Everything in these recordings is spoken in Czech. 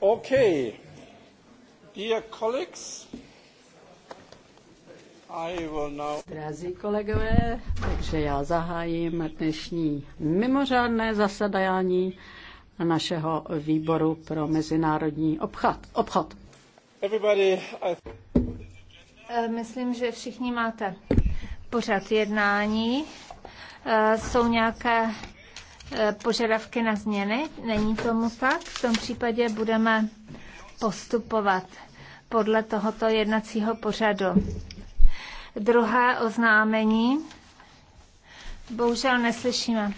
Okay. Dear colleagues, I will now... Drazí kolegové, takže já zahájím dnešní mimořádné zasedání našeho výboru pro mezinárodní obchod. obchod. Everybody, I... Eh, myslím, že všichni máte pořad jednání. Eh, jsou nějaké Eh, požadavky na změny? Není tomu tak? V tom případě budeme postupovat podle tohoto jednacího pořadu. Druhé oznámení. Bohužel neslyšíme.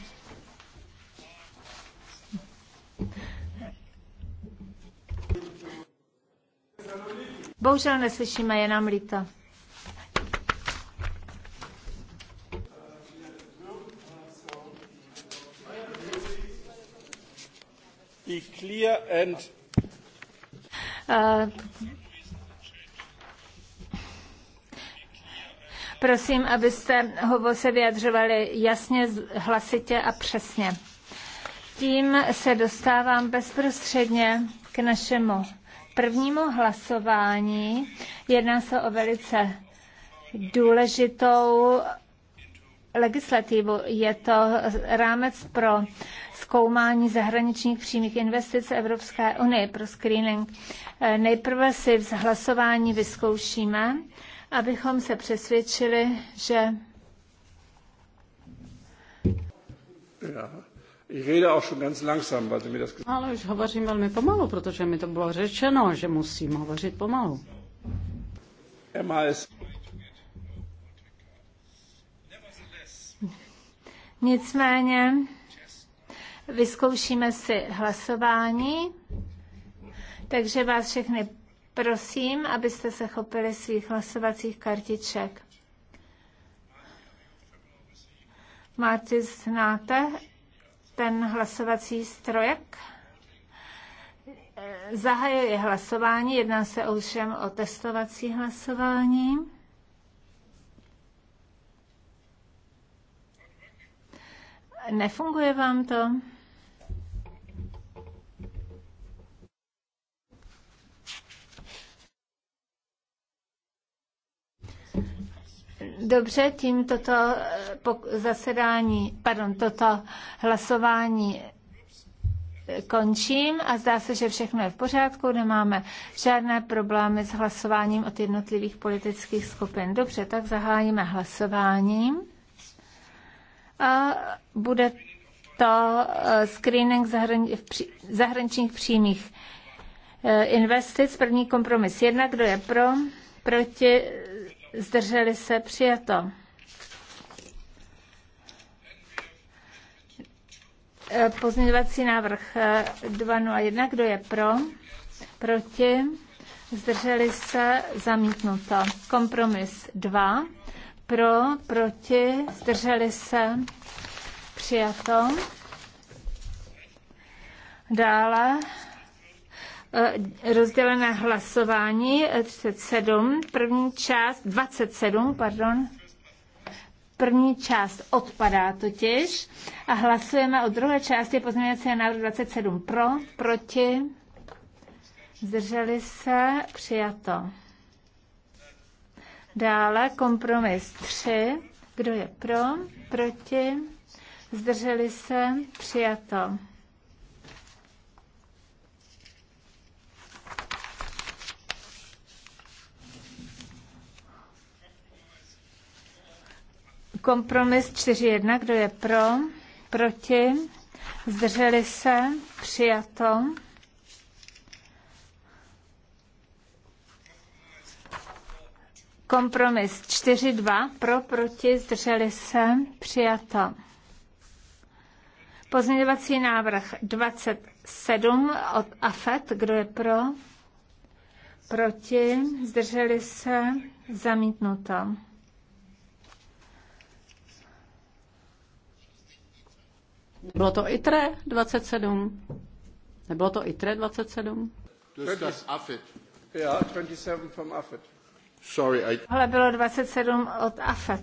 Bohužel neslyšíme, je nám líto. Uh, prosím, abyste se vyjadřovali jasně, hlasitě a přesně. Tím se dostávám bezprostředně k našemu prvnímu hlasování. Jedná se o velice důležitou legislativu. Je to rámec pro zkoumání zahraničních přímých investic Evropské unie pro screening. Nejprve si v hlasování vyzkoušíme, abychom se přesvědčili, že ale už hovořím velmi pomalu, protože mi to bylo řečeno, že musím hovořit pomalu. Nicméně vyzkoušíme si hlasování, takže vás všechny prosím, abyste se chopili svých hlasovacích kartiček. Máte, znáte ten hlasovací strojek? Zahajuji hlasování, jedná se ovšem o testovací hlasování. Nefunguje vám to? Dobře, tím toto eh, zasedání, pardon, toto hlasování eh, končím a zdá se, že všechno je v pořádku, nemáme žádné problémy s hlasováním od jednotlivých politických skupin. Dobře, tak zahájíme hlasováním a bude to eh, screening zahrani- zahraničních přímých eh, investic. První kompromis jedna, kdo je pro, proti, zdrželi se, přijato. Eh, pozměňovací návrh 201, kdo je pro, proti, zdrželi se, zamítnuto. Kompromis 2, pro, proti, zdrželi se, přijato. Dále eh, rozdělené hlasování 37, eh, první část 27, pardon. První část odpadá totiž a hlasujeme o druhé části pozměňovací návrh 27 pro, proti, zdrželi se, přijato. Dále kompromis 3. Kdo je pro? Proti? Zdrželi se? Přijato. Kompromis 4.1. Kdo je pro? Proti? Zdrželi se? Přijato. Kompromis 4.2 pro, proti, zdrželi se, přijato. Pozměňovací návrh 27 od AFET, kdo je pro, proti, zdrželi se, zamítnuto. Bylo to ITRE 27? Nebylo to ITRE 27? To je AFET. Ja, 27 vom AFET. Sorry, I... bylo 27 od AFET.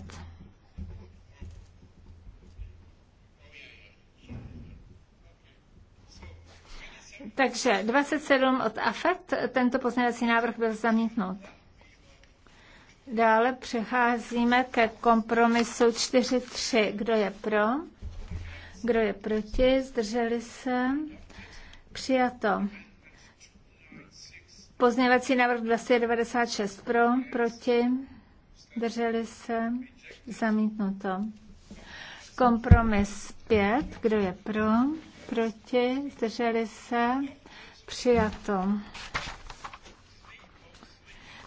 Takže 27 od AFET, tento pozměňovací návrh byl zamítnut. Dále přecházíme ke kompromisu 4.3. Kdo je pro? Kdo je proti? Zdrželi se? Přijato. Pozněvací návrh 296 pro, proti, drželi se, zamítnuto. Kompromis 5, kdo je pro, proti, zdrželi se, přijato.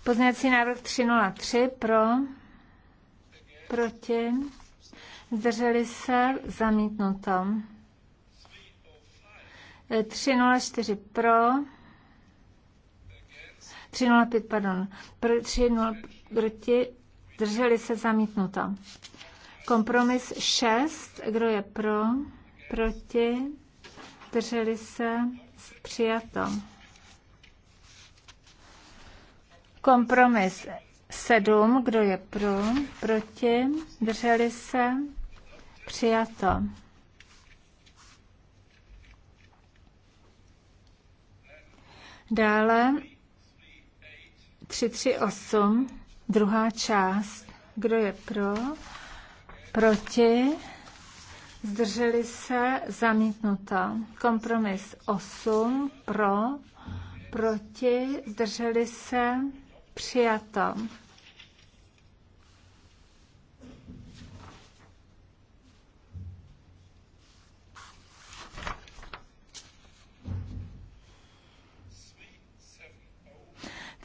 Pozněvací návrh 303 pro, proti, zdrželi se, zamítnuto. 304 pro, 305, pardon. 30 proti, drželi se zamítnuto. Kompromis 6, kdo je pro, proti, drželi se přijato. Kompromis 7, kdo je pro, proti, drželi se přijato. Dále 338, druhá část. Kdo je pro? Proti? Zdrželi se? Zamítnuto. Kompromis 8, pro? Proti? Zdrželi se? Přijato.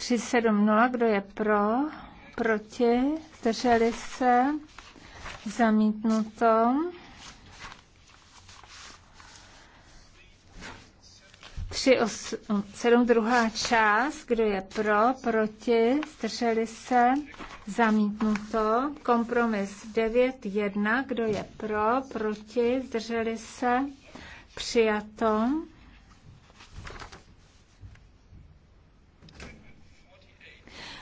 370, kdo je pro, proti, zdrželi se, zamítnuto. Tři 8, druhá část, kdo je pro, proti, zdrželi se, zamítnuto. Kompromis 9, 1, kdo je pro, proti, zdrželi se, přijato.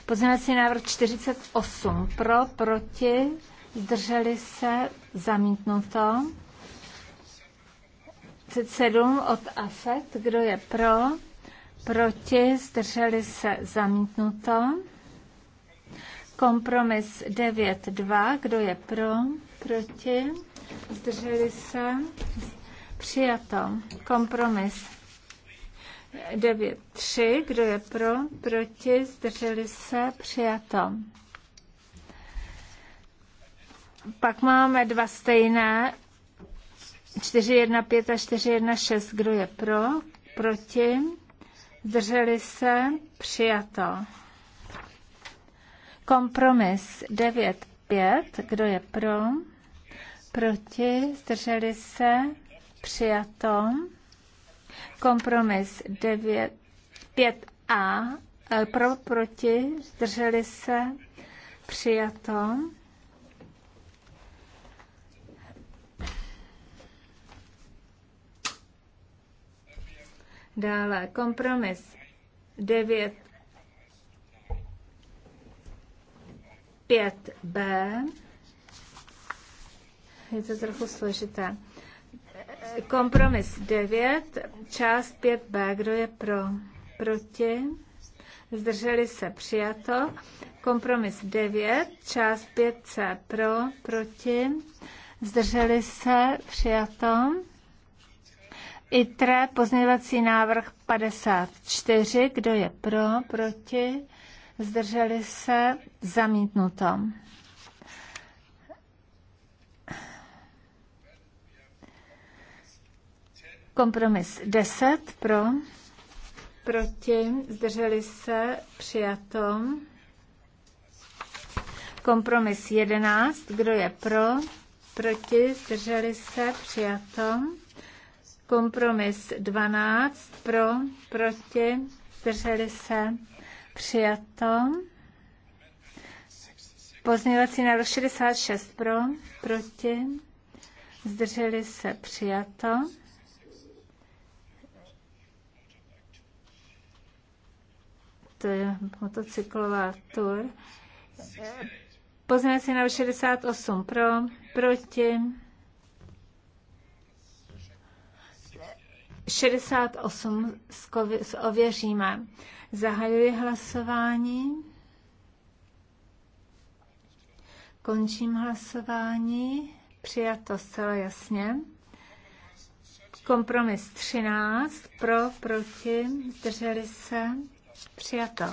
Pozměňovací návrh 48 pro, proti, zdrželi se, zamítnuto. 37 od AFET, kdo je pro, proti, zdrželi se, zamítnuto. Kompromis 9.2, kdo je pro, proti, zdrželi se, přijato. Kompromis 93, kdo je pro, proti, zdrželi se, přijato. Pak máme dva stejné, 4,15 a 4,16, kdo je pro, proti, zdrželi se, přijato. Kompromis 95, kdo je pro, proti, zdrželi se, přijato. Kompromis 9, 5a e, pro, proti, zdrželi se, přijato. Dále kompromis 9 5b. Je to trochu složité. Kompromis 9, část 5b. Kdo je pro? Proti? Zdrželi se přijato. Kompromis 9, část 5c. Pro? Proti? Zdrželi se přijato. ITRE pozměňovací návrh 54. Kdo je pro? Proti? Zdrželi se? Zamítnuto. Kompromis 10 pro, proti, zdrželi se, přijato. Kompromis 11, kdo je pro, proti, zdrželi se, přijato. Kompromis 12, pro, proti, zdrželi se, přijato. Pozměňovací návrh 66 pro, proti, zdrželi se, přijato. to je motocyklová tour. Pozměňovací návrh 68 pro, proti. 68 s ověříme. Zahajuji hlasování. Končím hlasování. Přijato zcela jasně. Kompromis 13. Pro, proti, zdrželi se. Přijato.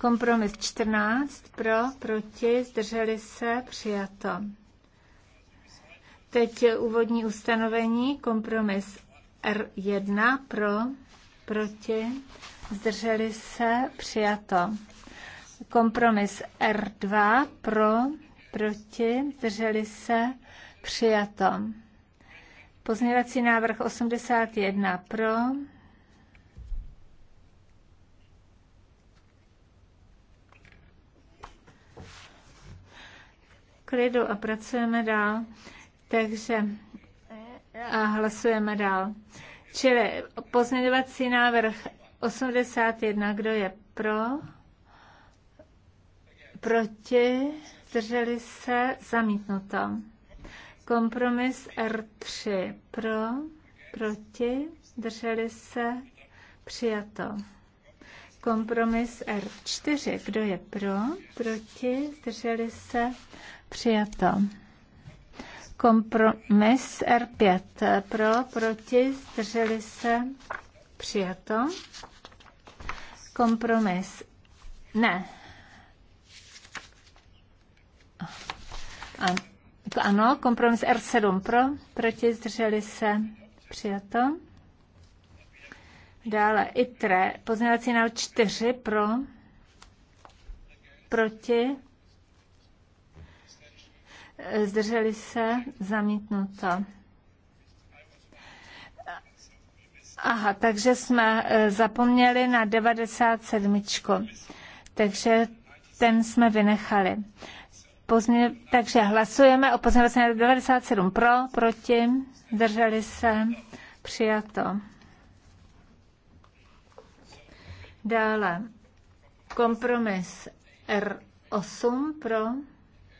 Kompromis 14 pro, proti, zdrželi se, přijato. Teď úvodní ustanovení, kompromis R1 pro, proti, zdrželi se, přijato. Kompromis R2 pro, proti, zdrželi se, přijato. Pozměňovací návrh 81 pro, klidu a pracujeme dál, takže a hlasujeme dál. Čili pozměňovací návrh 81, kdo je pro, proti, zdrželi se, zamítnuto. Kompromis R3 pro, proti, zdrželi se, přijato. Kompromis R4, kdo je pro, proti, zdrželi se, Přijato. Kompromis R5. Pro, proti, zdrželi se. Přijato. Kompromis. Ne. Ano, kompromis R7 pro, proti, zdrželi se. Přijato. Dále ITRE, pozměňovací návrh 4 pro, proti, zdrželi se, zamítnuto. Aha, takže jsme eh, zapomněli na 97. Takže ten jsme vynechali. Pozně, takže hlasujeme o pozměňovací 97 pro, proti, zdrželi se, přijato. Dále kompromis R8 pro,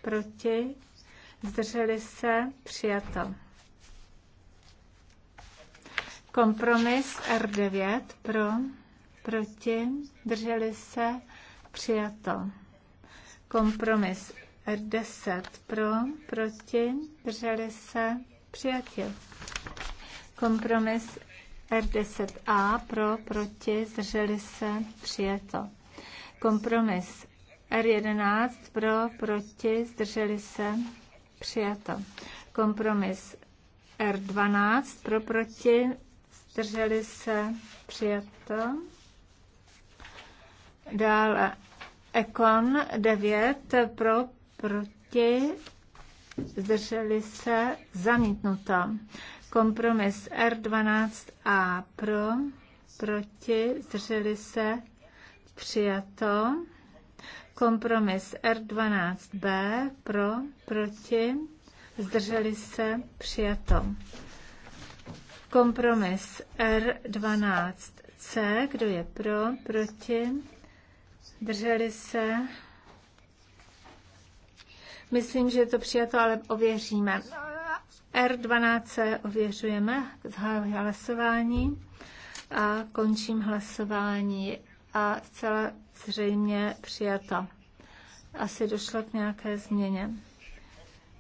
proti, zdrželi se, přijato. Kompromis R9 pro, proti, drželi se, přijato. Kompromis R10 pro, proti, drželi se, přijatě. Kompromis R10A pro, proti, zdrželi se, přijato. Kompromis R11 pro, proti, zdrželi se, Přijato. Kompromis R12 pro proti, zdrželi se, přijato. Dále eh, Ekon 9 pro proti, zdrželi se, zamítnuto. Kompromis R12A pro, proti, zdrželi se, přijato. Kompromis R12B pro, proti, zdrželi se, přijato. Kompromis R12C, kdo je pro, proti, drželi se. Myslím, že je to přijato, ale ověříme. R12C ověřujeme, zahajuji hlasování a končím hlasování a zcela zřejmě přijata. Asi došlo k nějaké změně.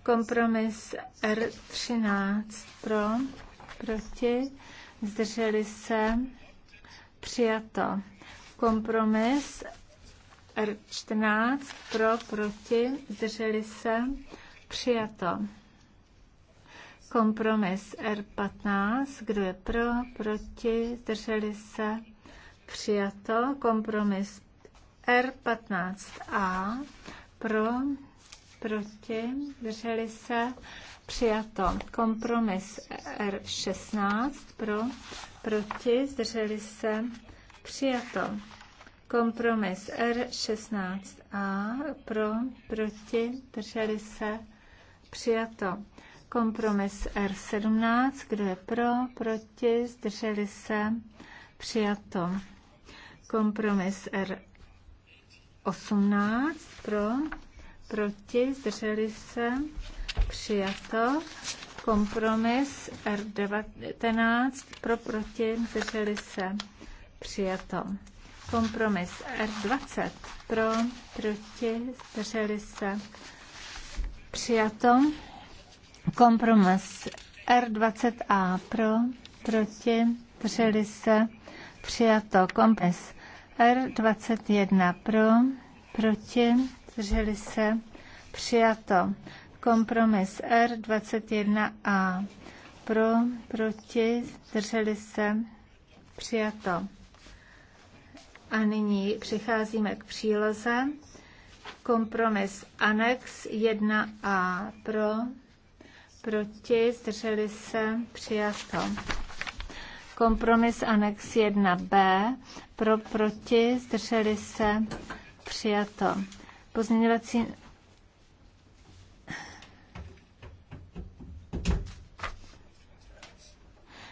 Kompromis R13 pro, proti, zdrželi se, přijato. Kompromis R14 pro, proti, zdrželi se, přijato. Kompromis R15, kdo je pro, proti, zdrželi se, Přijato. Kompromis R15A. Pro, proti, drželi se. Přijato. Kompromis R16. Pro, proti, zdrželi se. Přijato. Kompromis R16A. Pro, proti, drželi se. Přijato. Kompromis R17. Kdo je pro, proti, zdrželi se. Přijato. Kompromis R18 pro, proti, zdrželi se, přijato. Kompromis R19 pro, proti, zdrželi se, přijato. Kompromis R20 pro, proti, zdrželi se, přijato. Kompromis R20A pro, proti, zdrželi se, Přijato kompromis R21 pro, proti, zdrželi se, přijato. Kompromis R21A pro, proti, zdrželi se, přijato. A nyní přicházíme k příloze. Kompromis anex 1A pro, proti, zdrželi se, přijato. Kompromis anex 1b. Pro, proti, zdrželi se, přijato. Pozměňovací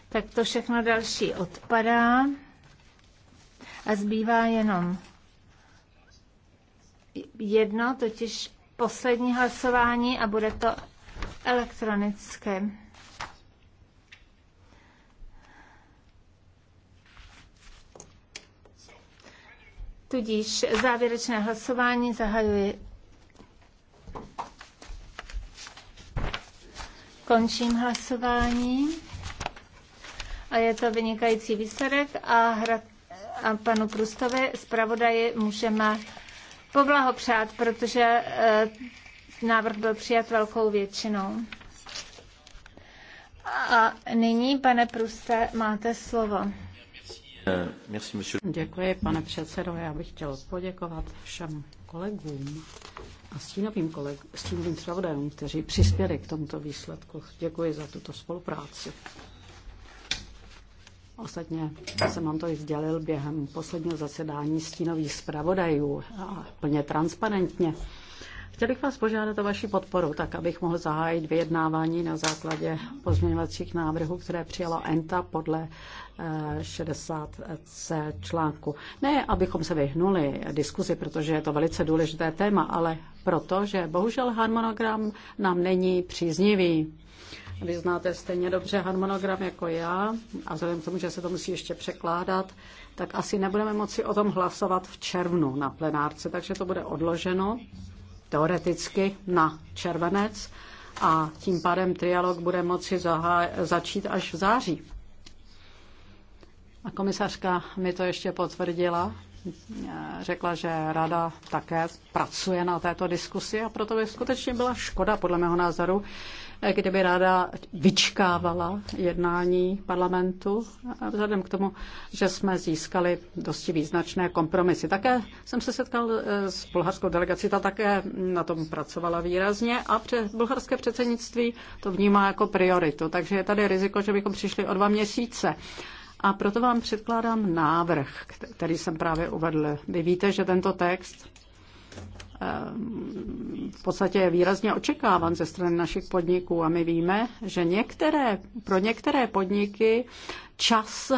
tak to všechno další odpadá a zbývá jenom jedno, totiž poslední hlasování a bude to elektronicky. Tudíž závěrečné hlasování zahajuji. Končím hlasování. A je to vynikající výsledek a, hra, a panu Prustovi zpravodaji můžeme poblahopřát, protože e, návrh byl přijat velkou většinou. A nyní, pane Pruste, máte slovo. Děkuji, pane předsedo. Já bych chtěl poděkovat všem kolegům a stínovým, kolegům, stínovým zpravodajům, kteří přispěli k tomuto výsledku. Děkuji za tuto spolupráci. Ostatně jsem vám to i sdělil během posledního zasedání stínových zpravodajů a plně transparentně. Chtěl bych vás požádat o vaši podporu, tak abych mohl zahájit vyjednávání na základě pozměňovacích návrhů, které přijala ENTA podle 60c článku. Ne, abychom se vyhnuli diskuzi, protože je to velice důležité téma, ale proto, že bohužel harmonogram nám není příznivý. Vy znáte stejně dobře harmonogram jako já a vzhledem k tomu, že se to musí ještě překládat, tak asi nebudeme moci o tom hlasovat v červnu na plenárce, takže to bude odloženo teoreticky na červenec a tím pádem trialog bude moci začít až v září. A komisařka mi to ještě potvrdila. Eh, řekla, že rada také pracuje na této diskusi a proto by skutečně byla škoda, podle mého názoru, eh, kdyby ráda vyčkávala jednání parlamentu, eh, vzhledem k tomu, že jsme získali dosti význačné kompromisy. Také jsem se setkal s bulharskou delegací, ta také na tom pracovala výrazně a pře- bulharské předsednictví to vnímá jako prioritu, takže je tady riziko, že bychom přišli o dva měsíce. A proto vám předkládám návrh, který jsem právě uvedl. Vy víte, že tento text eh, v podstatě je výrazně očekávan ze strany našich podniků a my víme, že některé, pro některé podniky čas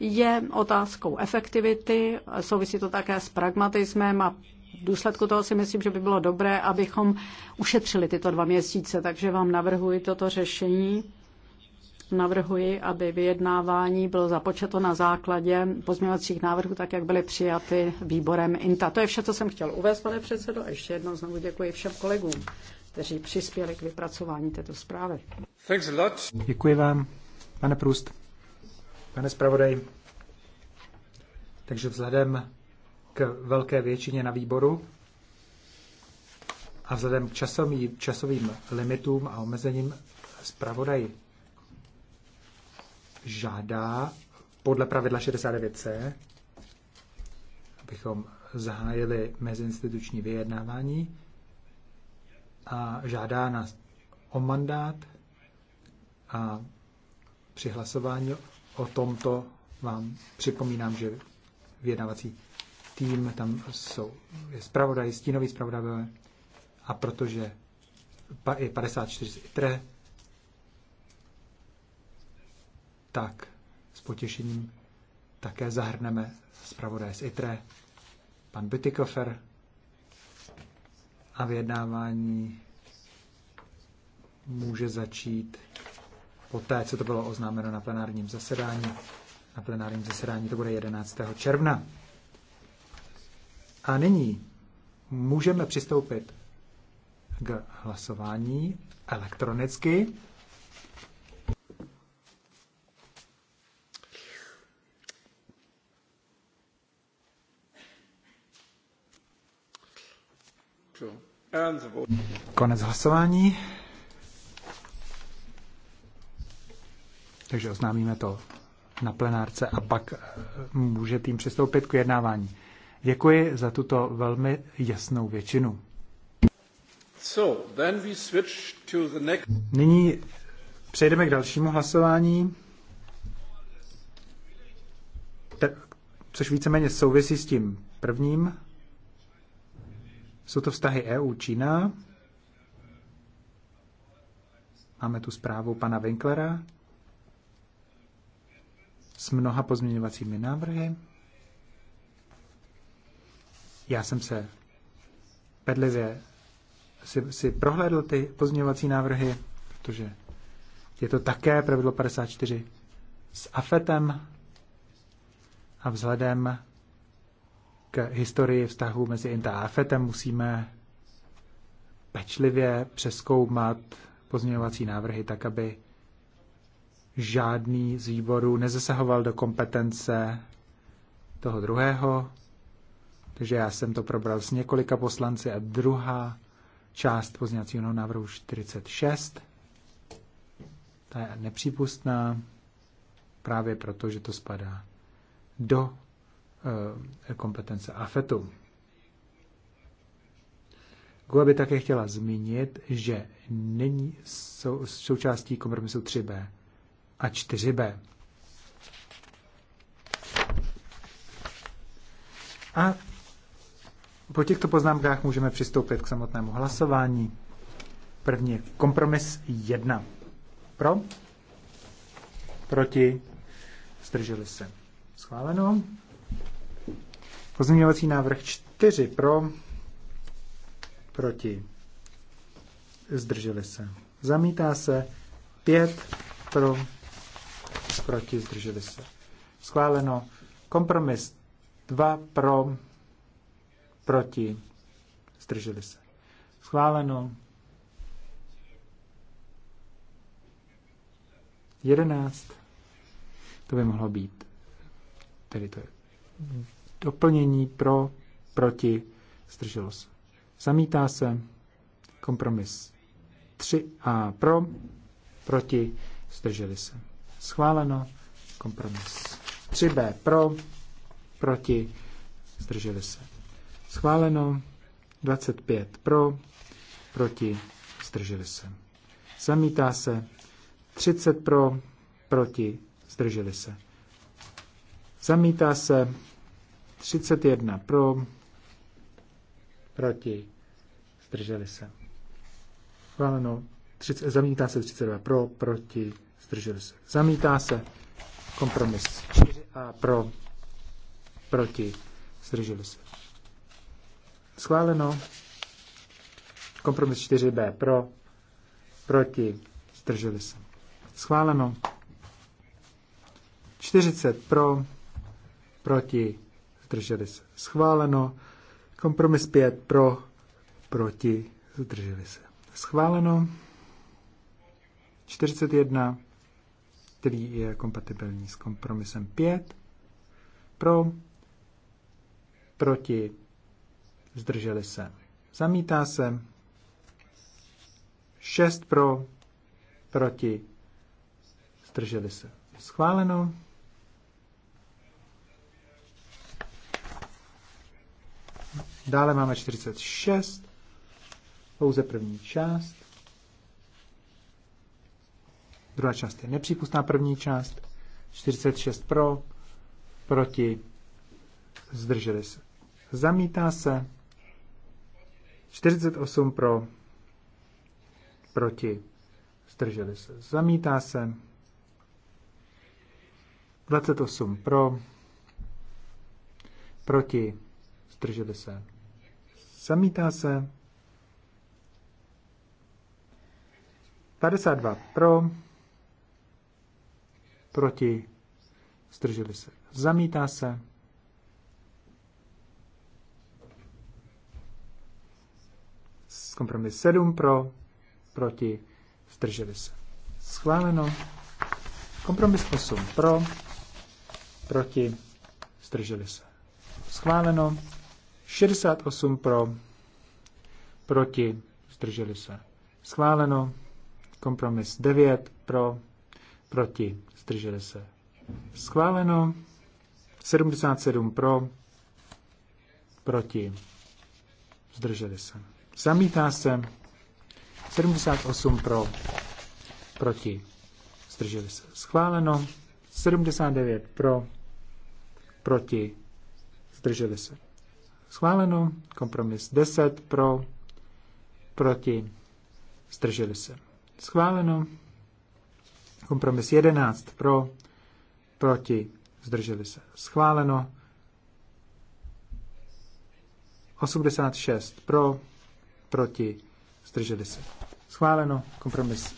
je otázkou efektivity, souvisí to také s pragmatismem a v důsledku toho si myslím, že by bylo dobré, abychom ušetřili tyto dva měsíce, takže vám navrhuji toto řešení navrhuji, aby vyjednávání bylo započeto na základě pozměňovacích návrhů, tak jak byly přijaty výborem INTA. To je vše, co jsem chtěl uvést, pane předsedo, a ještě jednou znovu děkuji všem kolegům, kteří přispěli k vypracování této zprávy. Děkuji vám, pane Průst, pane zpravodaj. Takže vzhledem k velké většině na výboru a vzhledem k časovým, časovým limitům a omezením zpravodaji žádá podle pravidla 69c, abychom zahájili meziinstituční vyjednávání a žádá nás o mandát a při hlasování o tomto vám připomínám, že vyjednávací tým, tam jsou zpravodaj, stínový zpravodajové a protože je 54 z ITRE, tak s potěšením také zahrneme zpravodaje z ITRE, pan Bytikofer a vyjednávání může začít poté, co to bylo oznámeno na plenárním zasedání. Na plenárním zasedání to bude 11. června. A nyní můžeme přistoupit k hlasování elektronicky. Konec hlasování. Takže oznámíme to na plenárce a pak eh, může tým přistoupit k jednávání. Děkuji za tuto velmi jasnou většinu. So, then we switch to the next... Nyní přejdeme k dalšímu hlasování, což víceméně souvisí s tím prvním. Jsou to vztahy EU-Čína. Máme tu zprávu pana Winklera s mnoha pozměňovacími návrhy. Já jsem se pedlivě si, si prohlédl ty pozměňovací návrhy, protože je to také pravidlo 54 s AFETem a vzhledem k historii vztahu mezi INTA a Fetem musíme pečlivě přeskoumat pozměňovací návrhy tak, aby žádný z výborů nezasahoval do kompetence toho druhého. Takže já jsem to probral s několika poslanci a druhá část pozměňovacího návrhu 46. Ta je nepřípustná právě proto, že to spadá do Eh, kompetence AFETu. GUE by také chtěla zmínit, že není sou, součástí kompromisu 3B a 4B. A po těchto poznámkách můžeme přistoupit k samotnému hlasování. První kompromis 1. Pro? Proti? Zdrželi se. Schváleno. Pozměňovací návrh 4 pro, proti, zdrželi se. Zamítá se 5 pro, proti, zdrželi se. Schváleno. Kompromis 2 pro, proti, zdrželi se. Schváleno. 11. To by mohlo být. Tedy to je Doplnění pro, proti, zdrželo se. Zamítá se kompromis 3A pro, proti, zdrželi se. Schváleno kompromis 3B pro, proti, zdrželi se. Schváleno 25 pro, proti, zdrželi se. Zamítá se 30 pro, proti, zdrželi se. Zamítá se 31 pro, proti, zdrželi se. Schváleno, 30, zamítá se 32 pro, proti, zdrželi se. Zamítá se kompromis 4a pro, proti, zdrželi se. Schváleno, kompromis 4b pro, proti, zdrželi se. Schváleno, 40 pro, proti, zdrželi se. Schváleno. Kompromis 5 pro, proti, zdrželi se. Schváleno. 41, který je kompatibilní s kompromisem 5, pro, proti, zdrželi se. Zamítá se. 6 pro, proti, zdrželi se. Schváleno. Dále máme 46, pouze první část. Druhá část je nepřípustná první část. 46 pro, proti, zdrželi se. Zamítá se. 48 pro, proti, zdrželi se. Zamítá se. 28 pro, proti, zdrželi se. Samítá se. 52 pro. Proti. Zdrželi se. Zamítá se. 7 pro. Proti. Zdrželi se. Schváleno. Kompromis 8 pro. Proti. Zdrželi se. Schváleno. 68 pro, proti, zdrželi se. Schváleno. Kompromis 9 pro, proti, zdrželi se. Schváleno. 77 pro, proti, zdrželi se. Zamítá se. 78 pro, proti, zdrželi se. Schváleno. 79 pro, proti, zdrželi se. Schváleno. Kompromis 10 pro, proti, zdrželi se. Schváleno. Kompromis 11 pro, proti, zdrželi se. Schváleno. 86 pro, proti, zdrželi se. Schváleno. Kompromis.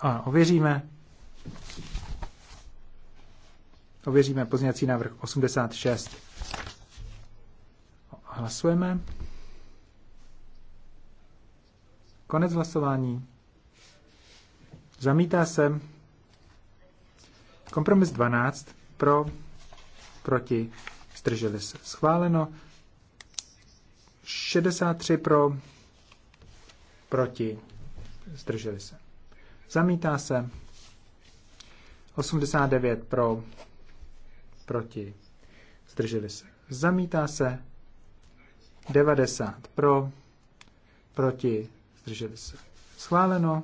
A ověříme. Ověříme pozněcí návrh 86. Hlasujeme. Konec hlasování. Zamítá se kompromis 12 pro, proti, zdrželi se. Schváleno 63 pro, proti, zdrželi se. Zamítá se 89 pro, proti, zdrželi se. Zamítá se 90 pro, proti, zdrželi se. Schváleno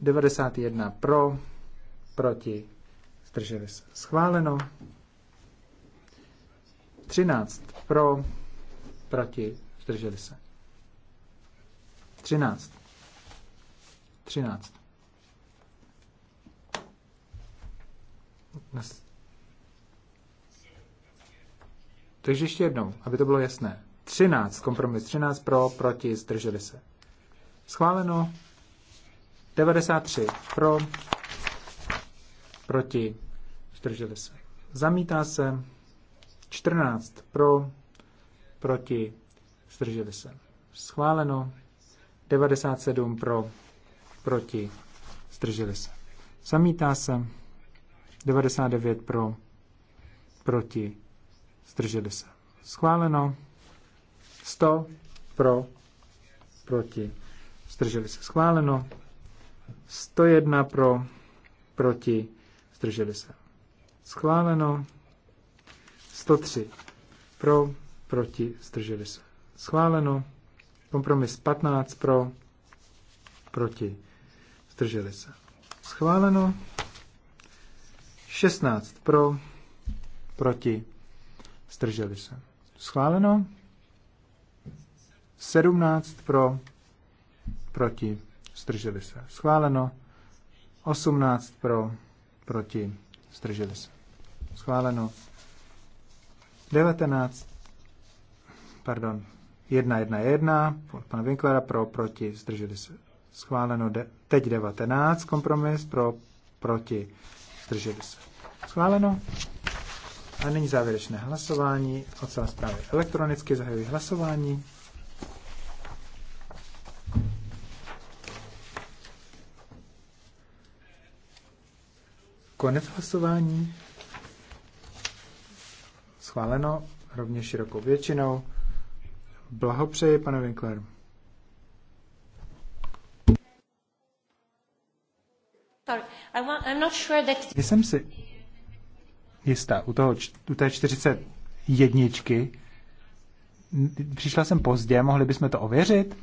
91 pro, proti, zdrželi se. Schváleno 13 pro, proti, zdrželi se. 13. 13. Takže ještě jednou, aby to bylo jasné. 13, kompromis 13 pro, proti, zdrželi se. Schváleno. 93 pro, proti, zdrželi se. Zamítá se. 14 pro, proti, zdrželi se. Schváleno. 97 pro, proti, zdrželi se. Zamítá se. 99 pro, proti, zdrželi se. Schváleno. 100 pro, proti, zdrželi se. Schváleno. 101 pro, proti, zdrželi se. Schváleno. 103 pro, proti, zdrželi se. Schváleno. Kompromis 15 pro, proti, zdrželi se. Schváleno. 16 pro, proti, Zdrželi se. Schváleno. 17 pro, proti, zdrželi se. Schváleno. 18 pro, proti, zdrželi se. Schváleno. 19, pardon, 1, 1, 1, pana Winklera pro, proti, zdrželi se. Schváleno de, teď 19, kompromis pro, proti, zdrželi se. Schváleno. A nyní závěrečné hlasování o celé zprávě. Elektronicky zahajuji hlasování. Konec hlasování. Schváleno rovněž širokou většinou. Blahopřeji, pane Winkler. Sorry, I'm not sure that... Jsem si jistá. U, toho, u té 41. Přišla jsem pozdě, mohli bychom to ověřit?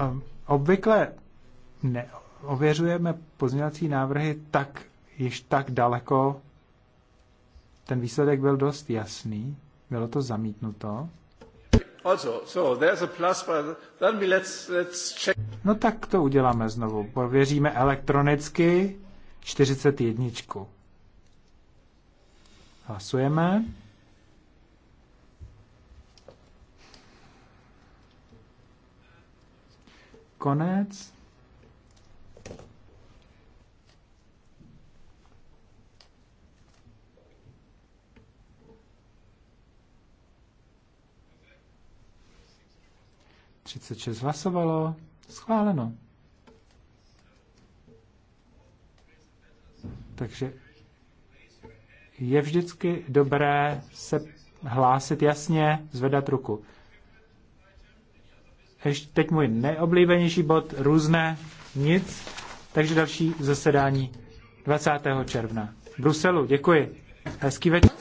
Uh, obvykle neověřujeme pozměňovací návrhy tak, již tak daleko. Ten výsledek byl dost jasný. Bylo to zamítnuto. Also, so there's a plus, but then we let's, let's check. No tak to uděláme znovu. Pověříme elektronicky 41. Hlasujeme. Konec. 36 hlasovalo. Schváleno. Takže je vždycky dobré se hlásit jasně, zvedat ruku. Ještě teď můj neoblíbenější bod, různé, nic. Takže další zasedání 20. června. Bruselu, děkuji. Hezký večer.